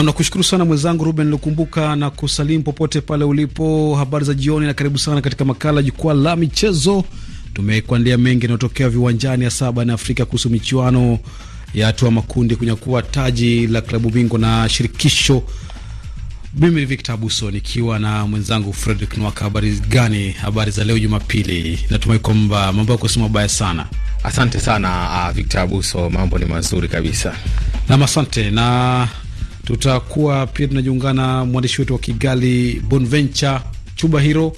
Nam, nakushukuru sana mwenzangu Ruben Lukumbuka na kusalimu popote pale ulipo. Habari za jioni na karibu sana katika makala Jukwaa la Michezo. Tumekuandia mengi yanayotokea viwanjani ya saba na Afrika kuhusu michuano ya hatua makundi kunyakua taji la klabu bingwa na shirikisho. Mimi ni Victor Abuso nikiwa na mwenzangu Fredrick Nwaka. Habari gani? Habari za leo Jumapili, natumai kwamba mambo yako si mabaya sana. Asante sana uh, Victor Abuso, mambo ni mazuri kabisa. Nam, asante na Tutakuwa pia tunajiungana mwandishi wetu wa Kigali Bonventure Chuba Hiro.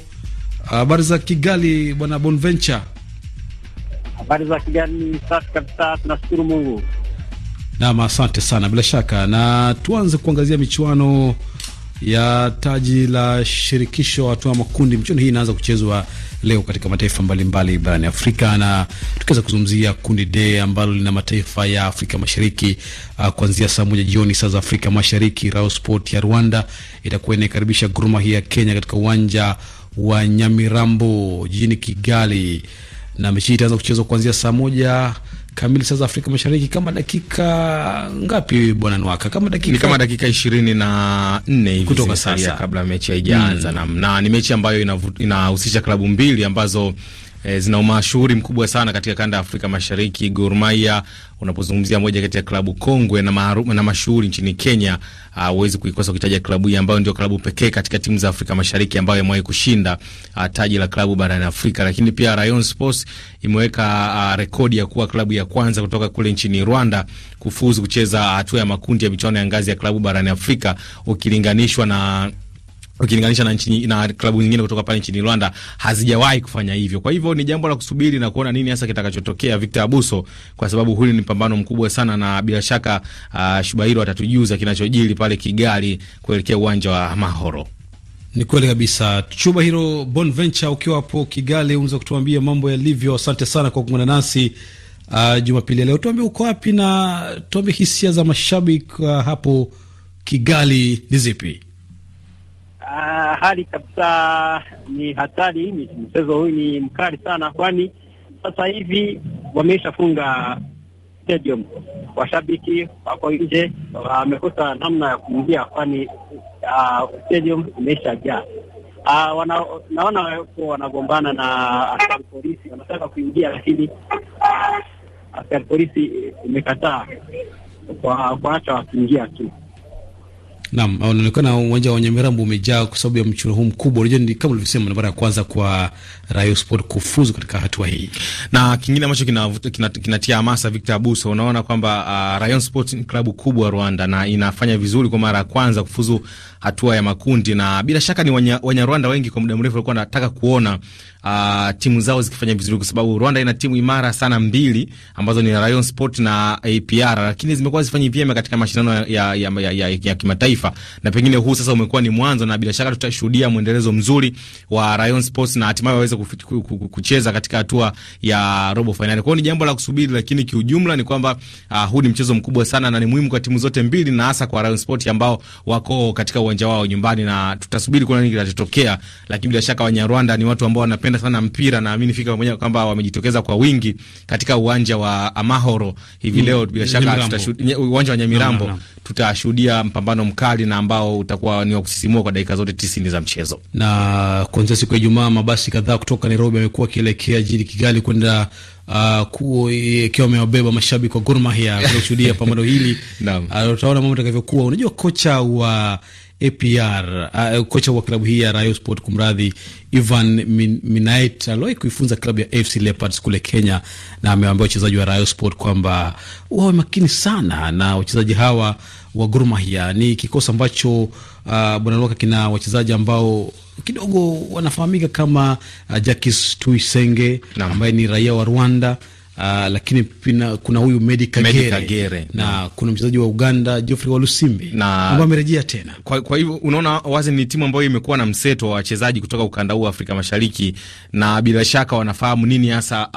Habari za Kigali bwana Bonventure? Habari za Kigali, safi kabisa, tunashukuru Mungu. Naam, asante sana. Bila shaka na tuanze kuangazia michuano ya taji la shirikisho hatua makundi michuano hii inaanza kuchezwa leo katika mataifa mbalimbali barani Afrika, na tukiweza kuzungumzia kundi D ambalo lina mataifa ya Afrika Mashariki uh, kuanzia saa moja jioni saa za Afrika Mashariki, Rayon Sport ya Rwanda itakuwa inaikaribisha Gor Mahia ya Kenya katika uwanja wa Nyamirambo jijini Kigali, na mechi itaanza kuchezwa kuanzia saa moja kamili saa za Afrika Mashariki, kama dakika ngapi bwana Nwaka? Kama dakika ni kama dakika ishirini na nne hivi kutoka sasa, kabla mechi haijaanza mm. na, na ni mechi ambayo inahusisha ina klabu mbili ambazo e, zina umashuhuri mkubwa sana katika kanda ya Afrika Mashariki. Gor Mahia unapozungumzia moja kati ya klabu kongwe na na mashuhuri nchini Kenya, ah, huwezi uh, kuikosa kuitaja klabu hii ambayo ndio klabu pekee katika timu za Afrika Mashariki ambayo imewahi kushinda uh, taji la klabu barani Afrika. Lakini pia Rayon Sports imeweka uh, rekodi ya kuwa klabu ya kwanza kutoka kule nchini Rwanda kufuzu kucheza hatua ya makundi ya michuano ya ngazi ya klabu barani Afrika ukilinganishwa na ukilinganisha na nchini na klabu nyingine kutoka pale nchini Rwanda hazijawahi kufanya hivyo. Kwa hivyo ni jambo la kusubiri na kuona nini hasa kitakachotokea, Victor Abuso, kwa sababu huli ni pambano mkubwa sana, na bila shaka uh, Shubairo atatujuza kinachojiri pale Kigali kuelekea uwanja wa Mahoro. Ni kweli kabisa, Chuba Hiro Bonventure, ukiwa hapo Kigali unaweza kutuambia mambo yalivyo. Asante sana kwa kuungana nasi uh, Jumapili ya leo. Tuambie uko wapi na tuambie hisia za mashabiki uh, hapo Kigali ni zipi? Ah, hali kabisa ni hatari. Mchezo huu ni mkali sana, kwani sasa hivi wameshafunga stadium, washabiki wako nje, wamekosa namna ya kuingia, kwani uh, stadium imeshajaa. Uh, ah, wana, naona wako wanagombana na askari polisi, wanataka kuingia, lakini askari polisi imekataa kwa kuacha wakiingia tu. Naam, unaonekana uwanja wa Nyamirambo umejaa kwa sababu ya mchuano huu mkubwa. Unajua, ni kama ulivyosema, ni mara ya kwanza kwa Rayo Sport kufuzu katika hatua hii, na kingine ambacho kinatia kina, kina hamasa Victor Abuso, unaona kwamba uh, Rayo Sport ni klabu kubwa Rwanda na inafanya vizuri kwa mara ya kwanza kufuzu hatua ya makundi, na bila shaka ni Wanyarwanda wanya wengi kwa muda mrefu walikuwa wanataka kuona uh, timu zao zikifanya vizuri, kwa sababu Rwanda ina timu imara sana mbili ambazo ni Rayon Sport na APR, lakini zimekuwa zifanyi vyema katika mashindano ya, ya, ya, ya, ya kimataifa, na pengine huu sasa umekuwa ni mwanzo, na bila shaka tutashuhudia mwendelezo mzuri wa Rayon Sports na hatimaye waweze kucheza katika hatua ya robo finali. Kwa hiyo ni jambo la kusubiri, lakini kiujumla ni kwamba uh, huu ni mchezo mkubwa sana na ni muhimu kwa timu zote mbili na hasa kwa Rayon Sport ambao wako katika uwanja wao nyumbani, na tutasubiri kuona nini kitatokea, lakini bila shaka Wanyarwanda ni watu ambao wanapenda wanapenda sana mpira, naamini fika mwenyewe kwamba wamejitokeza kwa wingi katika uwanja wa Amahoro hivi mm. leo. Bila shaka uwanja wa Nyamirambo tutashuhudia mpambano mkali na ambao utakuwa ni wa kusisimua kwa dakika zote tisini za mchezo. Na kuanzia siku ya Ijumaa, mabasi kadhaa kutoka Nairobi yamekuwa akielekea jijini Kigali kwenda ikiwa uh, amewabeba mashabiki wa Gor Mahia kushuhudia pambano hili. Uh, Utaona mambo takavyokuwa. Unajua kocha wa uh, APR uh, kocha wa klabu hii ya Rayo Sport kumradhi, Ivan Min Minait aliwahi kuifunza klabu ya fc Leopards kule Kenya, na amewaambia wachezaji wa Rayo Sport kwamba wawe makini sana na wachezaji hawa wa Gor Mahia. Ni kikosi ambacho uh, bwana Loka kina wachezaji ambao kidogo wanafahamika kama uh, Jakis Tuisenge ambaye ni raia wa Rwanda Uh, lakini pina, kuna huyu Medi Kagere na, na kuna mchezaji wa Uganda Geoffrey Walusimbi ambaye amerejea tena. Kwa, kwa hivyo unaona wazi ni timu ambayo imekuwa na mseto wa wachezaji kutoka ukanda huu wa Afrika Mashariki, na bila shaka wanafahamu nini hasa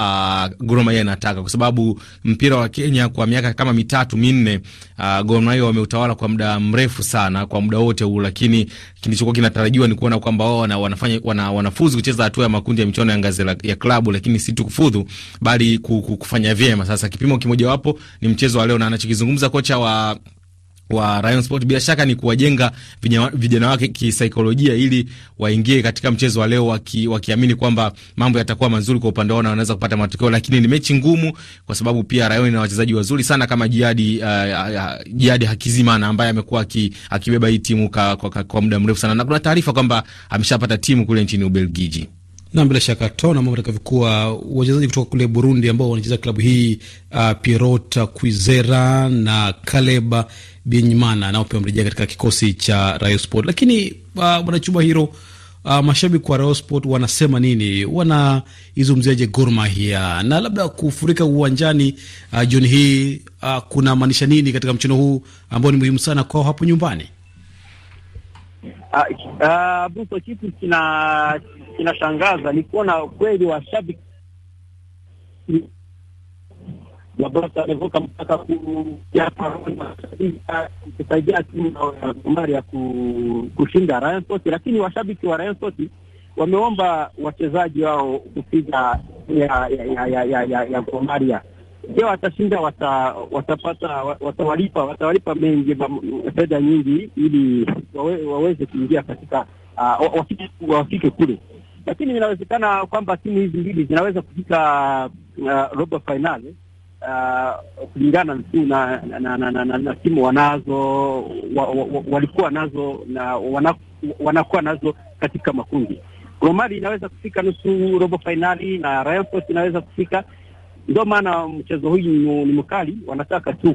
uh, Gor Mahia inataka, kwa sababu mpira wa Kenya kwa miaka kama mitatu minne, uh, Gor Mahia wameutawala kwa muda mrefu sana, kwa muda wote huu, lakini kilichokuwa kinatarajiwa ni kuona kwamba wao wana, wanafanya wana, wanafuzu kucheza hatua ya makundi ya michuano ya ngazi ya klabu, lakini si tu kufuzu bali ku kufanya vyema. Sasa kipimo kimojawapo ni mchezo wa leo, na anachokizungumza kocha wa wa Rayon Sport bila shaka ni kuwajenga vijana wake kisaikolojia ili waingie katika mchezo wa leo waki, wakiamini kwamba mambo yatakuwa mazuri kwa upande wao na wanaweza kupata matokeo, lakini ni mechi ngumu kwa sababu pia Rayon ina wachezaji wazuri sana kama Jihad uh, uh, Jihadi Hakizimana ambaye amekuwa akibeba hii timu kwa, kwa, kwa muda mrefu sana na kuna taarifa kwamba ameshapata timu kule nchini Ubelgiji. Nam, bila shaka tona mambo atakavyokuwa. Wachezaji kutoka kule Burundi ambao wanacheza klabu hii uh, Pierrot Kwizera na Kaleba Binyimana nao pia wamerejea katika kikosi cha Rayo Sport. Lakini uh, bwana uh, Chuma uh, hilo uh, mashabiki wa Rayo Sport wanasema nini? Wanaizungumziaje Gor Mahia na labda kufurika uwanjani uh, jioni hii uh, kuna maanisha nini katika mchezo huu ambao ni muhimu sana kwao hapo nyumbani? Ah, uh, uh, Bruto, kitu kina kinashangaza ni kuona kweli washabiki Mabasa amevuka mpaka kusaidia timu ya Gomari ya kushinda Rayon Sports, lakini washabiki wa Rayon Sports wameomba wachezaji wao kupiga ya ya ya ya, ya, ya Je, watashinda watapata watawalipa watawalipa mengi fedha nyingi ili waweze kuingia katika ah, wafike kule lakini inawezekana kwamba timu hizi mbili zinaweza kufika uh, robo fainali uh, kulingana tu na, na, na, na, na, na, timu wanazo wa, wa, wa, walikuwa nazo na wanakuwa nazo katika makundi. Romali inaweza kufika nusu robo fainali na Real inaweza kufika. Ndio maana mchezo huu ni mkali, wanataka tu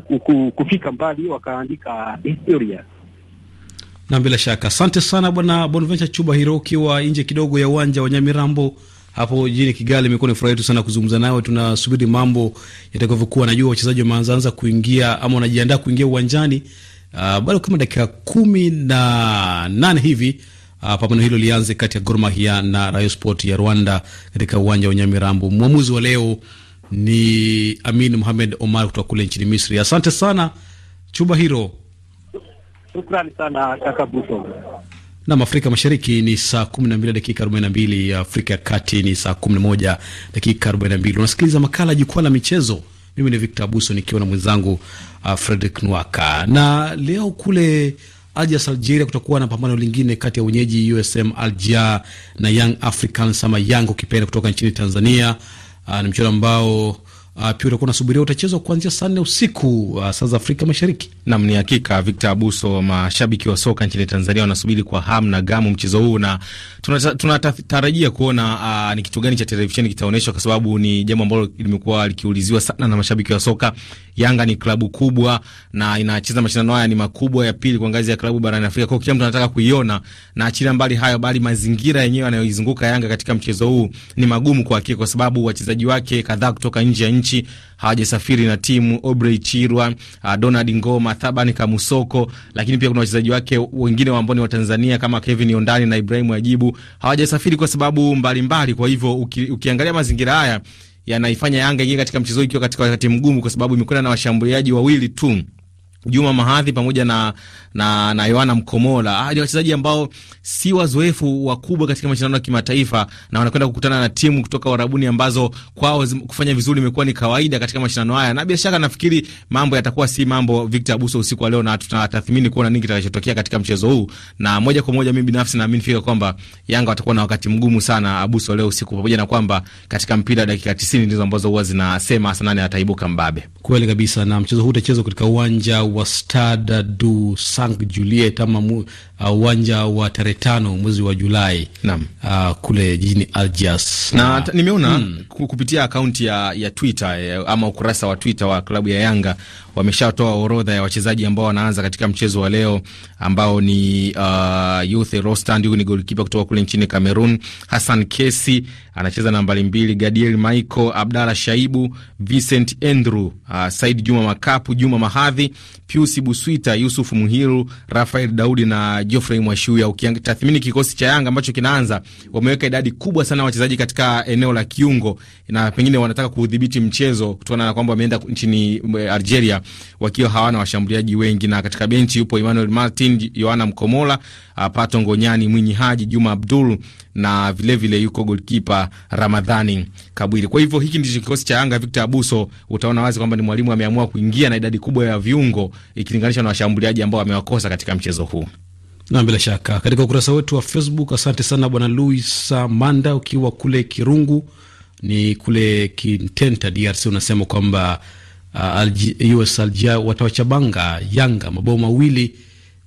kufika mbali wakaandika historia. Na bila shaka asante sana bwana Bonventure Chuba Hiro, ukiwa nje kidogo ya uwanja wa Nyamirambo hapo jijini Kigali. Imekuwa ni furaha yetu sana kuzungumza nawe. Tunasubiri mambo yatakavyokuwa. Najua wachezaji wameanzaanza kuingia ama wanajiandaa kuingia uwanjani, uh, bado kama dakika kumi na nane hivi uh, pambano hilo lianze kati ya Gor Mahia na Rayon Sport ya Rwanda katika uwanja wa Nyamirambo. Mwamuzi wa leo ni Amin Mohamed Omar kutoka kule nchini Misri. Asante sana Chuba Hiro. Shukrani sana kaka Buso. Nam, Afrika Mashariki ni saa 12 dakika 42, Afrika ya Kati ni saa 11 dakika 42. Unasikiliza makala Jukwaa la Michezo. Mimi ni Victor Abuso nikiwa na mwenzangu uh, Fredrick Nwaka, na leo kule Algiers, Algeria, kutakuwa na pambano lingine kati ya wenyeji USM Alger na Young Africans ama Young ukipenda kutoka nchini Tanzania. Uh, ni mchezo ambao Uh, pia utakuwa unasubiria utachezwa kuanzia saa nne usiku uh, saa za Afrika Mashariki. Nam ni hakika Victor Abuso, mashabiki wa soka nchini Tanzania wanasubiri kwa hamu na gamu mchezo huu, na tunatarajia tuna kuona uh, ni kitu gani cha televisheni kitaonyeshwa, kwa sababu ni jambo ambalo limekuwa likiuliziwa sana na mashabiki wa soka. Yanga ni klabu kubwa na inacheza mashindano haya, ni makubwa ya pili kwa ngazi ya klabu barani Afrika, kwa kila mtu anataka kuiona, na achilia mbali hayo, bali mazingira yenyewe yanayoizunguka Yanga katika mchezo huu ni magumu kwa hakika, kwa sababu wachezaji wake kadhaa kutoka nje ya nchi nchi hawajasafiri na timu Obrey Chirwa, uh, Donald Ngoma, Thabani Kamusoko, lakini pia kuna wachezaji wake wengine ambao ni wa Tanzania kama Kevin Ondani na Ibrahim Ajibu hawajasafiri kwa sababu mbalimbali mbali. Kwa hivyo uki, ukiangalia mazingira haya yanaifanya Yanga ingie katika mchezo ikiwa katika wakati mgumu, kwa sababu imekwenda na washambuliaji wawili tu Juma Mahadhi pamoja na na, na Yohana Mkomola ah, ni wachezaji ambao si wazoefu wakubwa katika mashindano ya kimataifa na wanakwenda kukutana na timu kutoka Warabuni ambazo kwao kufanya vizuri imekuwa ni kawaida katika mashindano haya, na bila shaka nafikiri mambo yatakuwa si mambo, Victor Abuso, usiku wa leo, na tutatathmini kuona nini kitakachotokea katika mchezo huu, na moja kwa moja mimi binafsi naamini fika kwamba Yanga watakuwa na wakati mgumu sana, Abuso, leo usiku, pamoja na kwamba katika mpira dakika 90 ndizo ambazo huwa zinasema hasa nani ataibuka mbabe. Kweli kabisa, na mchezo huu utachezwa katika uwanja wa Stade du Saint Juliet ama uh, uwanja uh, wa tarehe tano mwezi wa Julai uh, kule jijini Algiers na uh, nimeona hmm, kupitia akaunti ya, ya Twitter ya, eh, ama ukurasa wa Twitter wa klabu ya Yanga wameshatoa orodha ya wachezaji ambao wanaanza katika mchezo wa leo ambao ni uh, Youth Rostand. Huyu ni golikipa kutoka kule nchini Cameroon. Hassan Kesi anacheza nambari mbili, Gadiel Michael, Abdalla Shaibu, Vincent Andrew, uh, Said Juma Makapu, Juma Mahadhi, Pius Buswita, Yusuf Muhiru, Rafael Daudi na Geoffrey Mwashuya. Ukitathmini kikosi cha Yanga ambacho kinaanza, wameweka idadi kubwa sana wachezaji katika eneo la kiungo na pengine wanataka kuudhibiti mchezo kutokana na kwamba wameenda nchini eh, Algeria wakiwa hawana washambuliaji wengi, na katika benchi yupo Emmanuel Martin, Yohana Mkomola, ah, Pato Ngonyani, Mwinyi Haji, Juma Abdul na vilevile vile yuko golkipa Ramadhani Kabwiri. Kwa hivyo hiki ndicho kikosi cha Yanga. Victor Abuso, utaona wazi kwamba ni mwalimu ameamua kuingia na idadi kubwa ya viungo ikilinganishwa na washambuliaji ambao amewakosa katika mchezo huu. Na bila shaka katika ukurasa wetu wa Facebook. Asante sana bwana Louis Manda, ukiwa kule Kirungu ni kule Kintenta, DRC, unasema kwamba uh, US Alja watawachabanga Yanga mabao mawili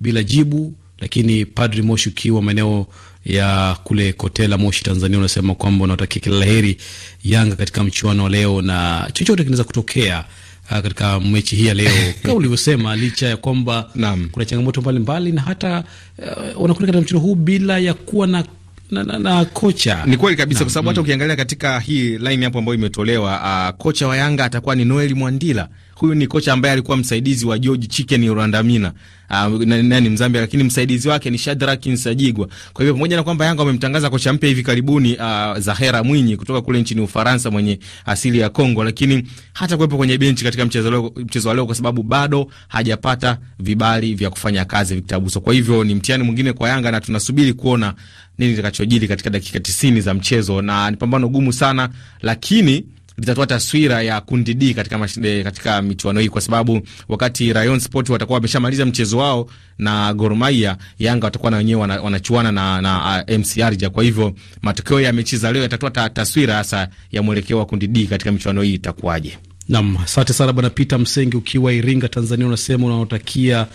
bila jibu. Lakini Padri Moshi ukiwa maeneo ya kule Kotela, Moshi, Tanzania, unasema kwamba unawatakia kila la heri Yanga katika mchuano wa leo na chochote kinaweza kutokea uh, katika mechi hii ya leo kama ulivyosema, licha ya kwamba kuna changamoto mbalimbali na hata uh, ah, wanakuwa katika mchuano huu bila ya kuwa na na, na, na kocha. Ni kweli kabisa, kwa sababu hata mm. ukiangalia katika hii line hapo ambayo imetolewa, uh, kocha wa Yanga atakuwa ni Noel Mwandila Huyu ni kocha ambaye alikuwa msaidizi wa George Chicken Rwandamina, uh, ah, nani Mzambia, lakini msaidizi wake ni Shadrack Nsajigwa. Kwa hivyo pamoja na kwamba Yanga wamemtangaza kocha mpya hivi karibuni, uh, Zahera Mwinyi kutoka kule nchini Ufaransa mwenye asili ya Kongo, lakini hata kuwepo kwenye benchi katika mchezo leo, mchezo wa leo kwa sababu bado hajapata vibali vya kufanya kazi Victor vitabuso. Kwa hivyo ni mtihani mwingine kwa Yanga na tunasubiri kuona nini kitakachojiri katika dakika tisini za mchezo, na ni pambano gumu sana, lakini litatoa taswira ya kundi D katika, eh, katika michuano hii kwa sababu wakati Rayon Sport watakuwa wameshamaliza mchezo wao na Gor Mahia, Yanga watakuwa na wenyewe wanachuana na, na eh, MC Arja. Kwa hivyo matokeo ya mechi za leo yatatoa ta, taswira hasa ya mwelekeo wa kundi D katika michuano hii itakuwaje. Nam, asante sana bwana Peter Msengi ukiwa Iringa, Tanzania, unasema unaotakia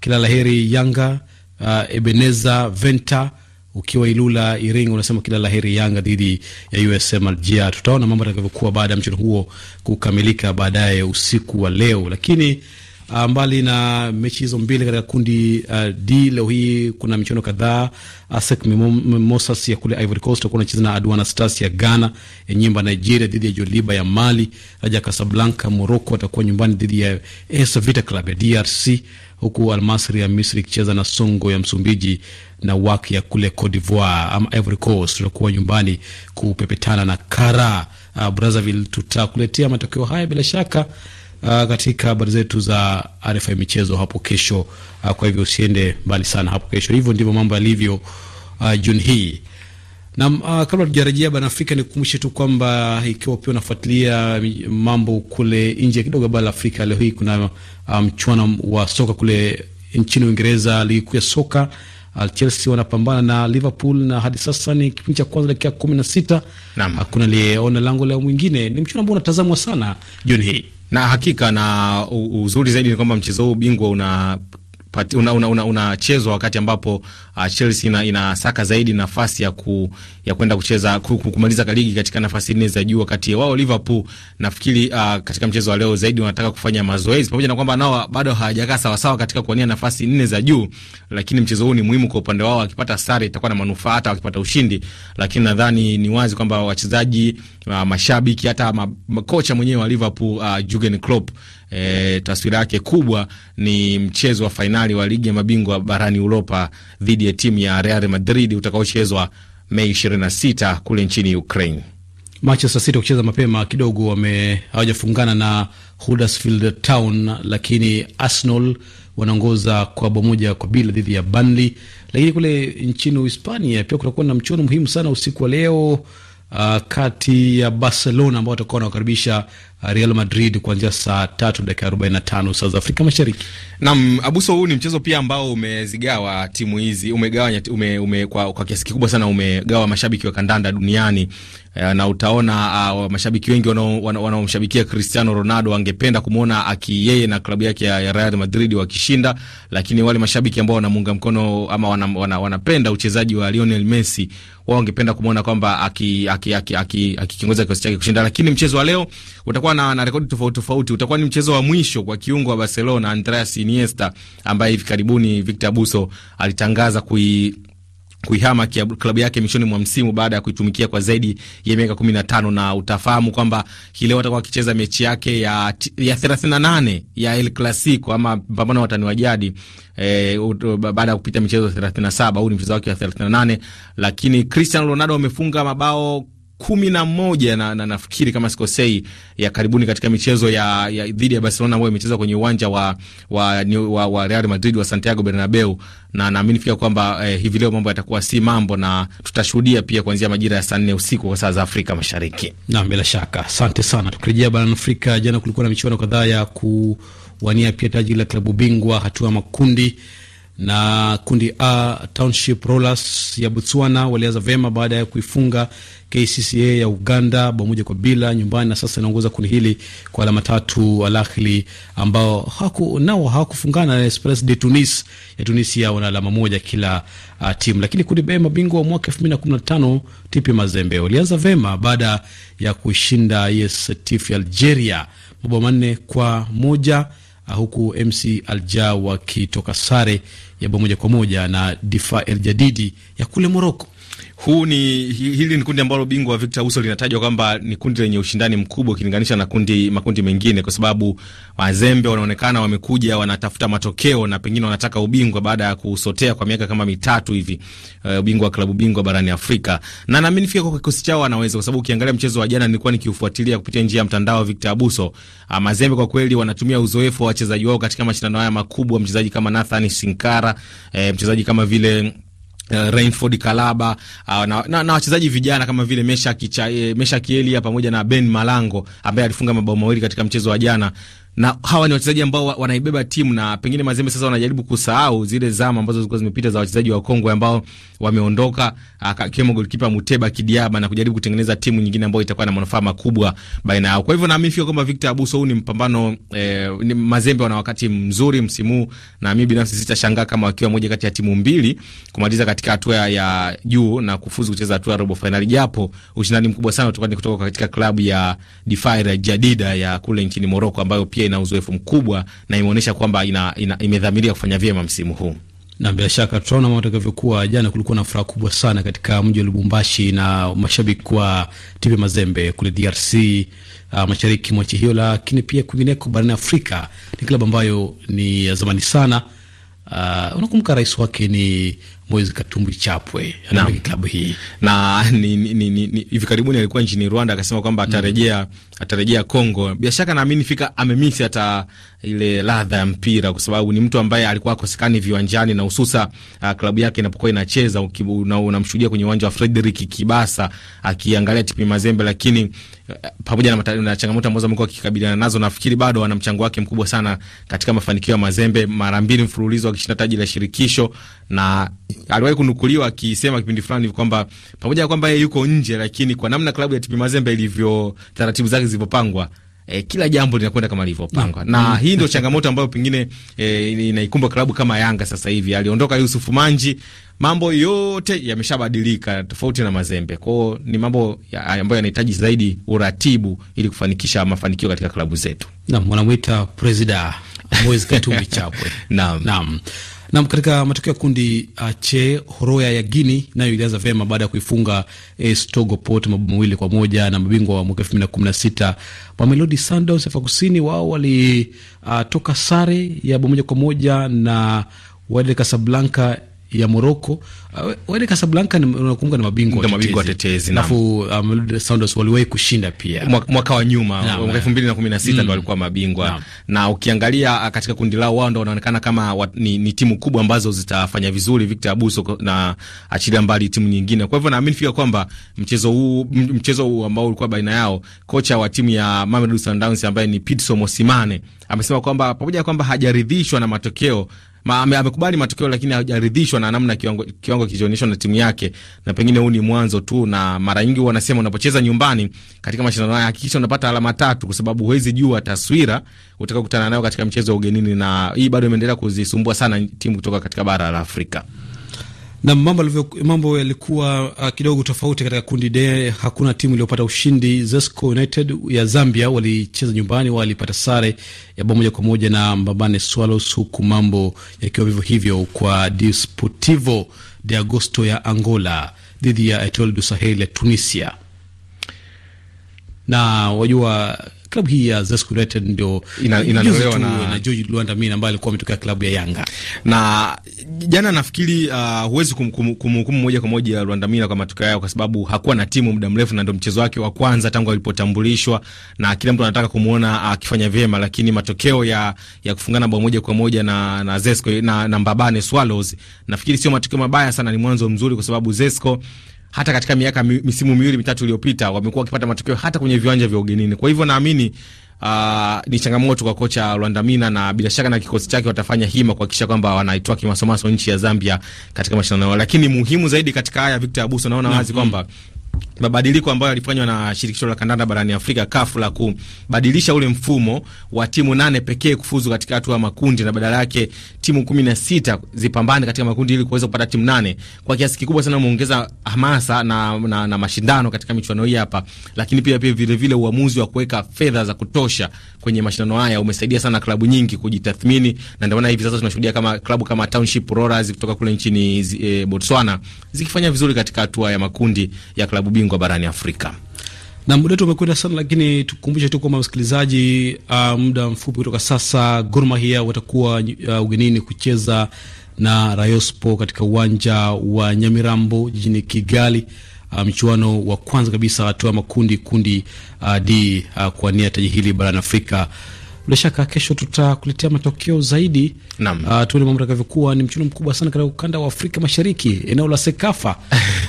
kila laheri Yanga, uh, Ebeneza Venta ukiwa Ilula Iringa, unasema kila laheri Yanga dhidi ya USM Algeria. Tutaona mambo yatakavyokuwa baada ya mchezo huo kukamilika baadaye usiku wa leo, lakini Ah, mbali na mechi hizo mbili katika kundi uh, D, leo hii kuna michuano kadhaa. ASEC ah, Mimosas ya kule Ivory Coast watakuwa wanacheza na Aduana Stars ya Ghana, Enyimba Nigeria dhidi ya Joliba ya Mali, Raja Casablanca Morocco atakuwa nyumbani dhidi ya AS Vita Club ya DRC, huku Almasri ya Misri ikicheza na Songo ya Msumbiji na Wak ya kule Cote d'Ivoire ama Ivory Coast watakuwa nyumbani kupepetana na Kara. Uh, Brazzaville, tutakuletea matokeo haya bila shaka uh, katika habari zetu za RFI michezo hapo kesho. Uh, kwa hivyo usiende mbali sana hapo kesho. Hivyo ndivyo mambo yalivyo uh, ah, Juni hii na uh, kabla tujarejea bara Afrika, nikukumbushe tu kwamba ikiwa pia unafuatilia mambo kule nje kidogo bara Afrika, leo hii kuna mchuano um, wa soka kule nchini Uingereza, ligi kuu ya soka uh, Chelsea wanapambana na Liverpool na hadi sasa ni kipindi cha kwanza dakika kumi na sita hakuna aliyeona lango la mwingine. Ni mchuano ambao unatazamwa sana jioni hii na hakika na uzuri zaidi ni kwamba mchezo huu bingwa una una, una, una wakati ambapo uh, Chelsea ina, inasaka zaidi nafasi ya ku, ya kwenda kucheza kumaliza ligi katika nafasi nne za juu, wakati wao Liverpool nafikiri uh, katika mchezo wa leo zaidi wanataka kufanya mazoezi, pamoja na kwamba nao bado hawajakaa sawa sawa katika kuania nafasi nne za juu, lakini mchezo huu ni muhimu kwa upande wao. Wakipata sare itakuwa na manufaa, hata wakipata ushindi, lakini nadhani ni wazi kwamba wachezaji uh, mashabiki, hata makocha mwenyewe wa Liverpool uh, Jurgen Klopp E, taswira yake kubwa ni mchezo wa fainali wa ligi ya mabingwa barani Uropa dhidi ya timu ya Real Madrid utakaochezwa Mei 26 kule nchini Ukraine. Manchester City kucheza mapema kidogo, hawajafungana na Huddersfield Town, lakini Arsenal wanaongoza kwa bao moja kwa bila dhidi ya Burnley. Lakini kule nchini uhispania pia kutakuwa na mchuano muhimu sana usiku wa leo, uh, kati ya Barcelona ambao watakuwa wanawakaribisha Uh, Real Madrid kuanzia saa tatu dakika na tano saa za Afrika Mashariki. Nam Abuso, huu ni mchezo pia ambao umezigawa timu hizi, umegawanya ume, ume, kwa, kwa kiasi kikubwa sana umegawa mashabiki wa kandanda duniani eh, na utaona uh, mashabiki wengi wanaomshabikia wana, wana Cristiano Ronaldo wangependa kumwona aki yeye na klabu yake ya Real Madrid wakishinda, lakini wale mashabiki ambao wanamuunga mkono ama wanapenda wana, wana uchezaji wa Lionel Messi wao wangependa kumwona kwamba akikiongoza aki, aki, aki, aki kikosi chake kushinda, lakini mchezo wa leo utakuwa na, na rekodi tofauti tofauti. Utakuwa ni mchezo wa mwisho kwa kiungo wa Barcelona Andreas Iniesta ambaye hivi karibuni Victor Buso alitangaza kui kuihama klabu yake mwishoni mwa msimu baada ya kuitumikia kwa zaidi ya miaka kumi na tano na utafahamu kwamba hii leo atakuwa akicheza mechi yake ya, ya nane ya El Clasico ama pambano watani wa jadi e, baada ya kupita michezo thelathini na saba Huu ni mchezo wake wa thelathini na nane lakini Cristiano Ronaldo amefunga mabao kumi na moja na, na nafikiri kama sikosei ya karibuni katika michezo ya, ya dhidi ya Barcelona ambayo imecheza kwenye uwanja wa, wa, wa, wa Real Madrid wa Santiago Bernabeu, na naamini pia kwamba eh, hivi leo mambo yatakuwa si mambo, na tutashuhudia pia kuanzia majira ya saa nne usiku kwa saa za Afrika Mashariki. Naam, bila shaka, asante sana. Tukirejea barani Afrika, jana kulikuwa na michuano kadhaa ya kuwania pia taji la klabu bingwa hatua makundi na kundi A Township Rollers ya Botswana walianza vema baada ya kuifunga KCCA ya Uganda bao moja kwa bila nyumbani, na sasa inaongoza kundi hili kwa alama tatu. Al Ahly ambao haku, nao hawakufungana na Express de Tunis ya Tunisia, wana alama moja kila uh, ah, timu. Lakini kundi B, mabingwa wa mwaka 2015 TP Mazembe walianza vema baada ya kuishinda ES Tif ya Algeria mabao manne kwa moja Ah, huku MC Alja wakitoka sare ya bao moja kwa moja na Difa El Jadidi ya kule Moroko huu ni hili ni kundi ambalo bingwa wa Victor Uso linatajwa kwamba ni kundi lenye ushindani mkubwa ukilinganisha na kundi makundi mengine, kwa sababu wazembe wanaonekana wamekuja, wanatafuta matokeo na pengine wanataka ubingwa baada ya kusotea kwa miaka kama mitatu hivi, uh, ubingwa wa klabu bingwa barani Afrika, na naamini fika kwa kikosi chao wanaweza, kwa sababu ukiangalia mchezo wa jana nilikuwa nikiufuatilia kupitia njia ya mtandao Victor Abuso. Uh, mazembe kwa kweli wanatumia uzoefu wa wachezaji wao katika mashindano haya makubwa, mchezaji kama Nathan Sinkara, eh, mchezaji kama vile Uh, Rainford Kalaba uh, na, na, na wachezaji vijana kama vile Mesha Kicha, eh, Mesha Kielia pamoja na Ben Malango ambaye alifunga mabao mawili katika mchezo wa jana na hawa ni wachezaji ambao wanaibeba timu na pengine Mazembe sasa wanajaribu kusahau zile zama ambazo zilikuwa zimepita za wachezaji wa Kongo ambao wameondoka, ah, akiwemo golkipa Muteba Kidiaba na kujaribu kutengeneza timu nyingine ambayo itakuwa na manufaa makubwa baina yao. Kwa hivyo naamini fika kwamba Victor Abuso, huu ni mpambano eh, ni Mazembe wana wakati mzuri msimu, na mimi binafsi sitashangaa kama wakiwa moja kati ya timu mbili kumaliza katika hatua ya juu na kufuzu kucheza hatua ya robo fainali, japo ushindani mkubwa sana utakuwa ni kutoka katika klabu ya Defy Jadida ya kule nchini Morocco ambayo pia ina uzoefu mkubwa na imeonyesha kwamba imedhamiria kufanya vyema msimu huu na bila shaka tutaona mambo atakavyokuwa. Jana kulikuwa na furaha kubwa sana katika mji wa Lubumbashi na mashabiki wa TP Mazembe kule DRC, uh, mashariki mwa nchi hiyo, lakini pia kwingineko barani Afrika. Ni klabu ambayo ni ya zamani sana. Uh, unakumbuka rais wake ni Moise Katumbi Chapwe anaanza klabu hii na ni, ni, ni, ni, hivi karibuni alikuwa nchini Rwanda akasema kwamba atarejea mm. atarejea Kongo. Bila shaka naamini fika amemisi hata ile ladha ya mpira, kwa sababu ni mtu ambaye alikuwa akosekani viwanjani na hususa uh, klabu yake inapokuwa inacheza, unamshuhudia kwenye uwanja wa Frederick Kibasa akiangalia TP Mazembe, lakini eh, pamoja na, na changamoto ambazo amekuwa akikabiliana nazo, nafikiri bado ana mchango wake mkubwa sana katika mafanikio ya Mazembe, mara mbili mfululizo akishinda taji la shirikisho na aliwahi kunukuliwa akisema kipindi fulani kwamba pamoja na kwamba yeye yuko nje, lakini kwa namna klabu ya TP Mazembe ilivyo, taratibu zake zilivyopangwa E, kila jambo linakwenda kama lilivyopangwa mm. na, na mm. hii ndio changamoto ambayo pengine e, inaikumba klabu kama Yanga sasa hivi. Aliondoka Yusuf Manji, mambo yote yameshabadilika tofauti na Mazembe. Kwao ni mambo ya, ambayo yanahitaji zaidi uratibu ili kufanikisha mafanikio katika klabu zetu. Naam, wanamwita presida Moise Katumbi Chapwe. Naam. Naam. Nam, katika matokeo ya kundi uh, che Horoya ya Guini nayo ilianza vyema baada ya kuifunga eh, Stogoport mabao mawili kwa moja na mabingwa wa mwaka elfu mbili na kumi na sita Mamelodi Sundowns Afrika Kusini, wao walitoka uh, sare ya bao moja kwa moja na Wydad Casablanca ya Morocco uh, wale Kasablanka unakumbuka, na mabingwa mabingwa watetezi, alafu um, Sounders waliwahi kushinda pia mwaka, wa nyuma mwaka 2016 ndio mm. walikuwa mabingwa na, na ukiangalia uh, katika kundi lao wao ndo wanaonekana kama wa, ni, ni timu kubwa ambazo zitafanya vizuri, Victor Abuso na achilia mbali timu nyingine. Kwa hivyo naamini fika kwamba mchezo huu mchezo huu ambao ulikuwa baina yao, kocha wa timu ya Mamelodi Sundowns ambaye ni Pitso Mosimane amesema kwamba pamoja kwamba hajaridhishwa na matokeo amekubali matokeo lakini hajaridhishwa na namna kiwango, kiwango kilichoonyeshwa na timu yake, na pengine huu ni mwanzo tu, na mara nyingi wanasema unapocheza nyumbani katika mashindano haya hakikisha unapata alama tatu, kwa sababu huwezi jua taswira utakakutana nayo katika mchezo wa ugenini, na hii bado imeendelea kuzisumbua sana timu kutoka katika bara la Afrika. Na mambo mambo yalikuwa uh, kidogo tofauti katika kundi D. Hakuna timu iliyopata ushindi. Zesco United ya Zambia walicheza nyumbani, walipata sare ya bao moja kwa moja na Mbabane Swallows, huku mambo yakiwa vivyo hivyo kwa Desportivo de Agosto ya Angola dhidi ya Etoile du Sahel ya Tunisia na wajua klabu hii ya Zesco United ndio inanolewa na, na George Luanda Mina ambaye alikuwa ametokea klabu ya Yanga na jana nafikiri uh, huwezi kumhukumu kum, kum, moja kwa moja Luanda Mina kwa matokeo yao, kwa sababu hakuwa na timu muda mrefu na ndio mchezo wake wa kwanza tangu alipotambulishwa na kila mtu anataka kumuona akifanya uh, vyema, lakini matokeo ya, ya kufungana bao moja kwa moja na, na Zesco na, na Mbabane Swallows nafikiri sio matokeo mabaya sana, ni mwanzo mzuri kwa sababu Zesco hata katika miaka misimu miwili mitatu iliyopita wamekuwa wakipata matokeo hata kwenye viwanja vya ugenini. Kwa hivyo naamini Uh, ni changamoto kwa kocha Lwandamina na bila shaka na kikosi chake watafanya hima kuhakikisha kwamba wanaitoa kimasomaso nchi ya Zambia katika mashindano yao, lakini muhimu zaidi katika haya, Victor Abuso, naona wazi kwamba mm -hmm mabadiliko ambayo yalifanywa na shirikisho la kandanda barani Afrika CAF la kubadilisha ule mfumo wa timu nane pekee kufuzu katika hatua ya makundi na badala yake timu kumi na sita zipambane katika makundi ili kuweza kupata timu nane. Kwa kiasi kikubwa sana umeongeza hamasa na, na, na mashindano katika michuano hii hapa, lakini pia pia vile vile uamuzi wa kuweka fedha za kutosha kwenye mashindano haya umesaidia sana klabu nyingi kujitathmini, na ndio maana hivi sasa tunashuhudia kama klabu kama Township Rollers kutoka kule nchini e, Botswana zikifanya vizuri katika hatua ya makundi ya klabu klabu bingwa barani Afrika. Na muda wetu umekwenda sana, lakini tukumbushe tu kwamba msikilizaji, uh, muda mfupi kutoka sasa Gor Mahia watakuwa uh, ugenini kucheza na Rayospo katika uwanja wa Nyamirambo jijini Kigali, uh, mchuano wa kwanza kabisa hatua makundi kundi uh, D uh, kuwania taji hili barani Afrika bila shaka kesho tutakuletea matokeo zaidi. Uh, tuone mambo atakavyokuwa. Ni mchuano mkubwa sana katika ukanda wa Afrika Mashariki, eneo la Sekafa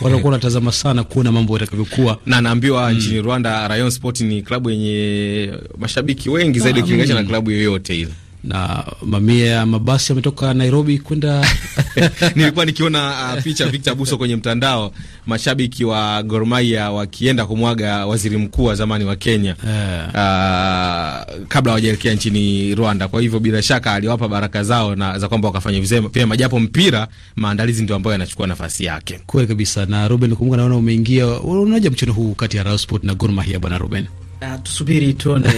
watakuwa wanatazama sana kuona mambo yatakavyokuwa, na naambiwa mm. nchini Rwanda Rayon Sport ni klabu yenye mashabiki wengi zaidi ukilinganisha na klabu yoyote ile na mamia ya mabasi yametoka Nairobi kwenda nilikuwa nikiona uh, picha Victor Buso kwenye mtandao, mashabiki wa Gor Mahia wakienda kumwaga waziri mkuu wa zamani wa Kenya eh. Uh, kabla hawajaelekea nchini Rwanda. Kwa hivyo bila shaka aliwapa baraka zao na za kwamba wakafanya vyema, japo mpira maandalizi ndio ambayo yanachukua nafasi yake. Kweli kabisa. Na Ruben, kumbuka naona umeingia, unaja mchuano huu kati ya Rasport na Gor Mahia, bwana Ruben. Uh, tusubiri tuone.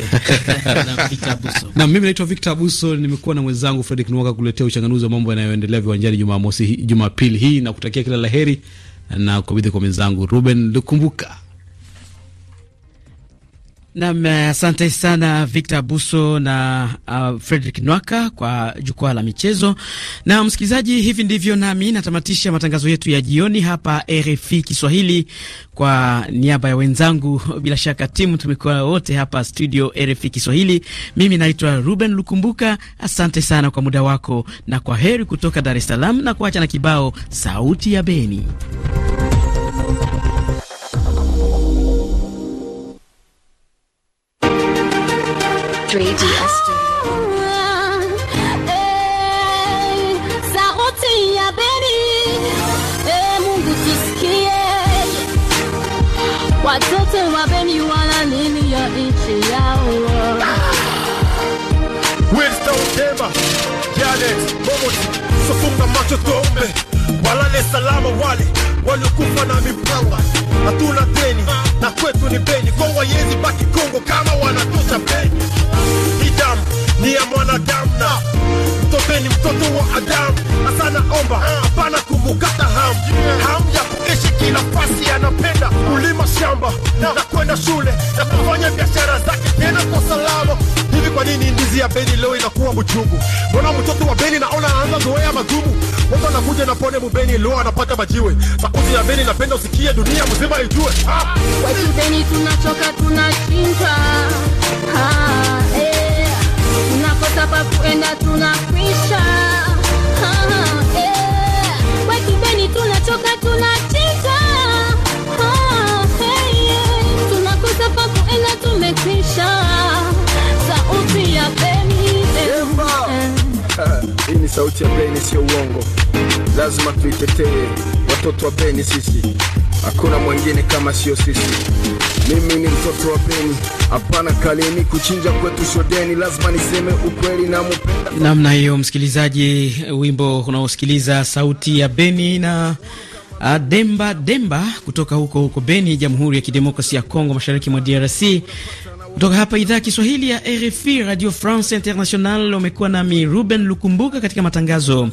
Na mimi naitwa Victor Abuso, nimekuwa na mwenzangu Fredrick Nwaka kuletea uchanganuzi wa mambo yanayoendelea viwanjani Jumamosi, Jumapili hii na kutakia kila laheri na kukabidhi kwa mwenzangu Ruben Lukumbuka. Nam, eh, asante sana Victor buso na uh, Frederick Nwaka kwa jukwaa la michezo. Na msikilizaji, hivi ndivyo nami natamatisha matangazo yetu ya jioni hapa RFI Kiswahili. Kwa niaba ya wenzangu, bila shaka timu, tumekuwa wote hapa studio RFI Kiswahili. Mimi naitwa Ruben Lukumbuka, asante sana kwa muda wako na kwa heri kutoka Dar es Salaam, na kuacha na kibao sauti ya Beni. 3DS nchi macho tuombe walale salama wale waliokufa na mipanga hatuna na kwetu ni beni baki Kongo kama wanatosha beni ndiye mwanadamu topeni mtoto wa Adamu asana omba hapana kumukata ham ham ya kuishi kila fasi, anapenda kulima shamba na kwenda shule na kufanya biashara zake tena kwa salamo Hivi kwa nini ndizi ya Beni leo inakuwa mchungu? Mbona mtoto wa Beni naona anza zoea magumu? Watu anakuja na pone mubeni leo anapata majiwe. Makuzi ya Beni napenda usikie dunia mzima ijue. Watu Beni tunachoka tunashinda. Ah, eh tunakosa pa kuenda tunakwisha. Eh, wakibeni tunachoka tunacheza. Hey, yeah. Eh. Tunakosa pa kuenda tumekwisha. Sauti ya Beni eh. eh, hii ni sauti ya Beni, sio uongo, lazima tuitetee watoto wa Beni sisi, hakuna mwingine kama sio sisi. Mimi ni mtoto wa Beni, hapana kaleni kuchinja kwetu shodeni, lazima niseme ukweli na mupenda namna hiyo. Msikilizaji, wimbo unaosikiliza sauti ya Beni na ah, Demba Demba kutoka huko huko Beni, Jamhuri ya Kidemokrasia ya Kongo, mashariki mwa DRC kutoka hapa idhaa ya Kiswahili ya RFI Radio France International, umekuwa nami Ruben Lukumbuka katika matangazo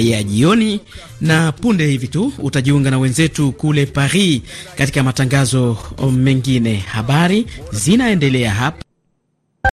ya jioni, na punde hivi tu utajiunga na wenzetu kule Paris katika matangazo mengine. Habari zinaendelea hapa